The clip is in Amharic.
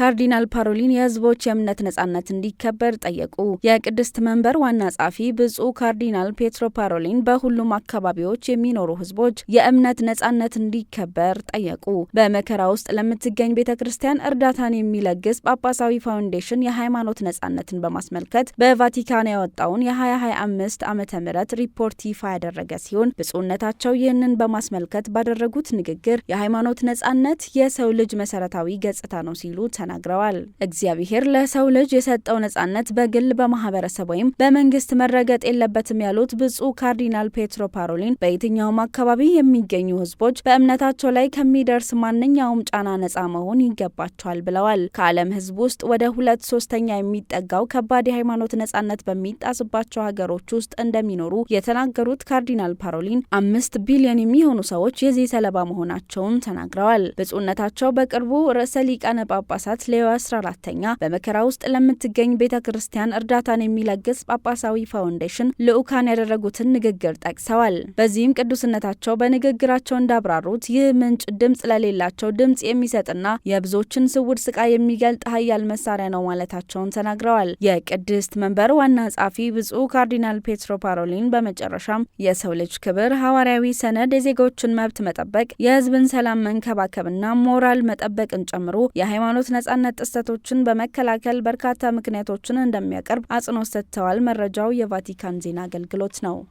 ካርዲናል ፓሮሊን የህዝቦች የእምነት ነጻነት እንዲከበር ጠየቁ። የቅድስት መንበር ዋና ጸሐፊ ብፁዕ ካርዲናል ፔትሮ ፓሮሊን በሁሉም አካባቢዎች የሚኖሩ ህዝቦች የእምነት ነጻነት እንዲከበር ጠየቁ። በመከራ ውስጥ ለምትገኝ ቤተ ክርስቲያን እርዳታን የሚለግስ ጳጳሳዊ ፋውንዴሽን የሃይማኖት ነጻነትን በማስመልከት በቫቲካን ያወጣውን የ2025 ዓመተ ምህረት ሪፖርት ይፋ ያደረገ ሲሆን ብፁዕነታቸው ይህንን በማስመልከት ባደረጉት ንግግር የሃይማኖት ነጻነት የሰው ልጅ መሰረታዊ ገጽታ ነው ሲሉ ተናግረዋል። ተናግረዋል። እግዚአብሔር ለሰው ልጅ የሰጠው ነጻነት በግል በማህበረሰብ ወይም በመንግስት መረገጥ የለበትም ያሉት ብፁዕ ካርዲናል ፔትሮ ፓሮሊን በየትኛውም አካባቢ የሚገኙ ህዝቦች በእምነታቸው ላይ ከሚደርስ ማንኛውም ጫና ነጻ መሆን ይገባቸዋል ብለዋል። ከዓለም ህዝብ ውስጥ ወደ ሁለት ሶስተኛ የሚጠጋው ከባድ የሃይማኖት ነጻነት በሚጣስባቸው ሀገሮች ውስጥ እንደሚኖሩ የተናገሩት ካርዲናል ፓሮሊን አምስት ቢሊዮን የሚሆኑ ሰዎች የዚህ ሰለባ መሆናቸውን ተናግረዋል። ብፁዕነታቸው በቅርቡ ርዕሰ ሊቃነ ጳጳሳት አባት ሌዮ 14ተኛ በመከራ ውስጥ ለምትገኝ ቤተ ክርስቲያን እርዳታን የሚለግስ ጳጳሳዊ ፋውንዴሽን ልዑካን ያደረጉትን ንግግር ጠቅሰዋል። በዚህም ቅዱስነታቸው በንግግራቸው እንዳብራሩት ይህ ምንጭ ድምፅ ለሌላቸው ድምፅ የሚሰጥና የብዙዎችን ስውር ስቃይ የሚገልጥ ኃያል መሳሪያ ነው ማለታቸውን ተናግረዋል። የቅድስት መንበር ዋና ጸሐፊ ብፁዕ ካርዲናል ፔትሮ ፓሮሊን በመጨረሻም የሰው ልጅ ክብር፣ ሐዋርያዊ ሰነድ፣ የዜጎችን መብት መጠበቅ፣ የሕዝብን ሰላም መንከባከብና ሞራል መጠበቅን ጨምሮ የሃይማኖት የነጻነት ጥሰቶችን በመከላከል በርካታ ምክንያቶችን እንደሚያቀርብ አጽንኦት ሰጥተዋል። መረጃው የቫቲካን ዜና አገልግሎት ነው።